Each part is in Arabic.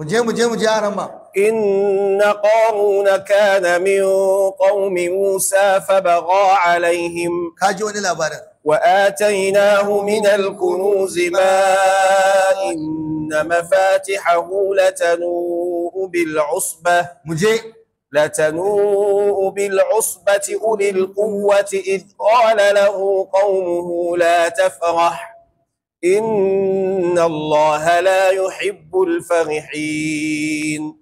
مجھے مجھے مجھے آرما إن قارون كان من قوم موسى فبغى عليهم وآتيناه من الكنوز ما إن مفاتحه لتنوء بالعصبة مجھے لتنوء بالعصبة أولي القوة إذ قال له قومه لا تفرح إن الله لا يحب الفرحين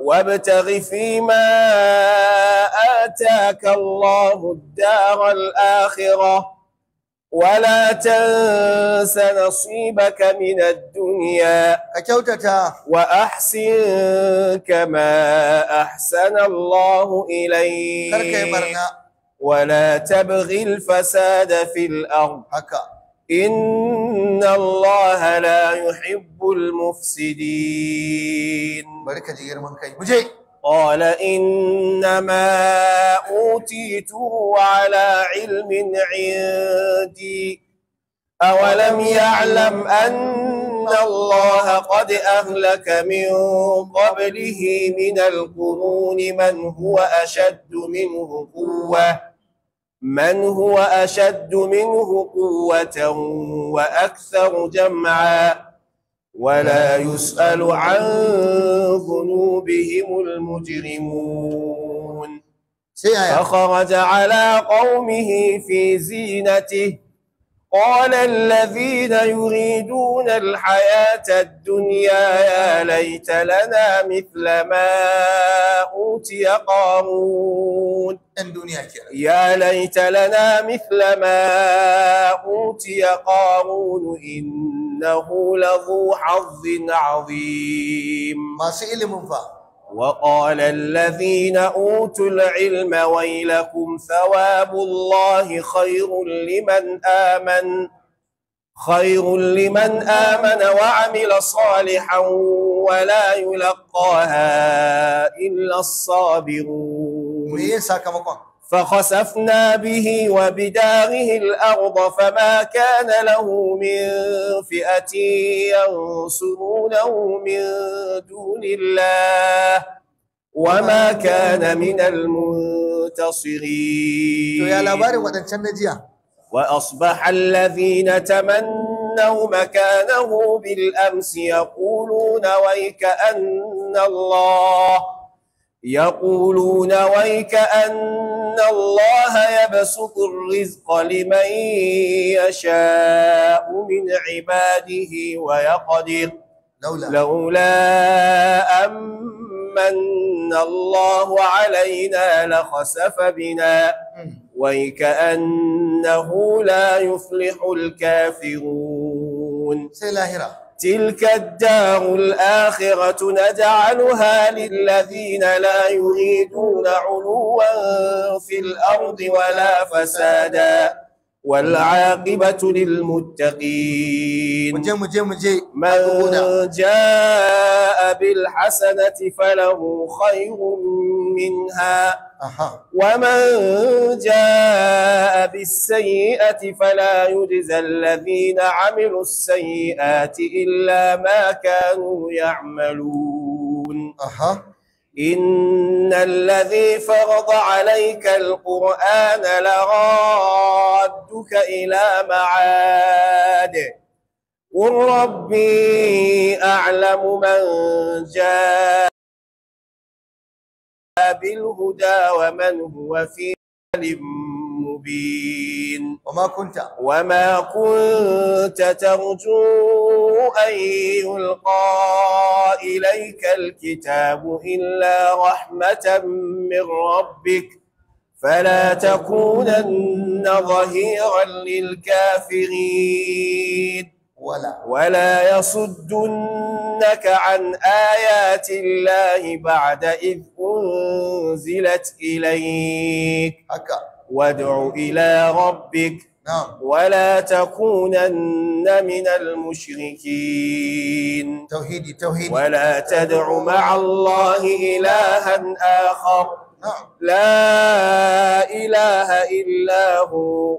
وابتغ فيما آتاك الله الدار الآخرة ولا تنس نصيبك من الدنيا وأحسن كما أحسن الله إليك ولا تبغي الفساد في الأرض إن الله لا يحب المفسدين بركة من كي مجي قال إنما أوتيته على علم عندي أولم يعلم أن الله قد أهلك من قبله من القرون من هو أشد منه قوة من هو أشد منه قوة وأكثر جمعا ولا يسأل عن ذنوبهم المجرمون فخرج على قومه في زينته قال الذين يريدون الحياة الدنيا يا ليت لنا مثل ما أوتي قارون يعملون يا ليت لنا مثل ما أوتي قارون إنه لذو حظ عظيم ما ilmu fa وقال الذين أوتوا العلم ويلكم ثواب الله خير لمن آمن خير لمن آمن وعمل صالحا ولا يلقاها إلا الصابرون فخسفنا به وبداره الأرض فما كان له من فئة ينصرونه من دون الله وما كان من المنتصرين وأصبح الذين تمنوا مكانه بالأمس يقولون ويك أن الله يقولون ويك أن الله يبسط الرزق لمن يشاء من عباده ويقدر لولا, لولا من الله علينا لخسف بنا ويكأنه لا يفلح الكافرون سلاهرة تلك الدار الآخرة نجعلها للذين لا يريدون علوا في الأرض ولا فسادا والعاقبة للمتقين من جاء بالحسنة فله خير منها ومن جاء بالسيئة فلا يجزى الذين عملوا السيئات إلا ما كانوا يعملون إن الذي فرض عليك القرآن لرادك إلى معاد قل ربي أعلم من جاء بالهدى ومن هو في ضلال مبين وما كنت وما كنت ترجو أن يلقى إليك الكتاب إلا رحمة من ربك فلا تكونن ظهيرا للكافرين ولا ولا يصدنك عن آيات الله بعد إذ أنزلت إليك حكا. وادع إلى ربك نعم. ولا تكونن من المشركين توحيدي توحيدي ولا تدع مع الله إلها آخر نعم. لا إله إلا هو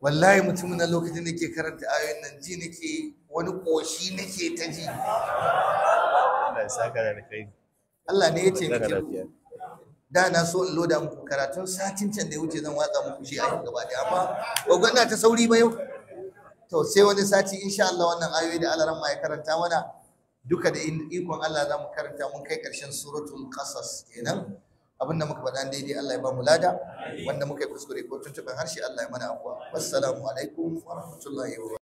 wallahi mutum na lokacin da ke karanta ayoyin nan ji nake wani koshi nake ta ji Allah ne ya ce kake da na so in loda muku karatun satin can da ya wuce zan watsa muku shi ayoyin gaba da amma gwagwan na ta sauri ba yau to sai wani sati insha Allah wannan ayoyi da Allah ya karanta mana duka da ikon Allah za mu karanta mun kai ƙarshen suratul qasas kenan abinda muka faɗa daidai Allah ya ba mu lada wanda muka yi kuskure ko tuntuɓin harshe Allah ya mana afuwa wassalamu alaikum wa rahmatullahi wa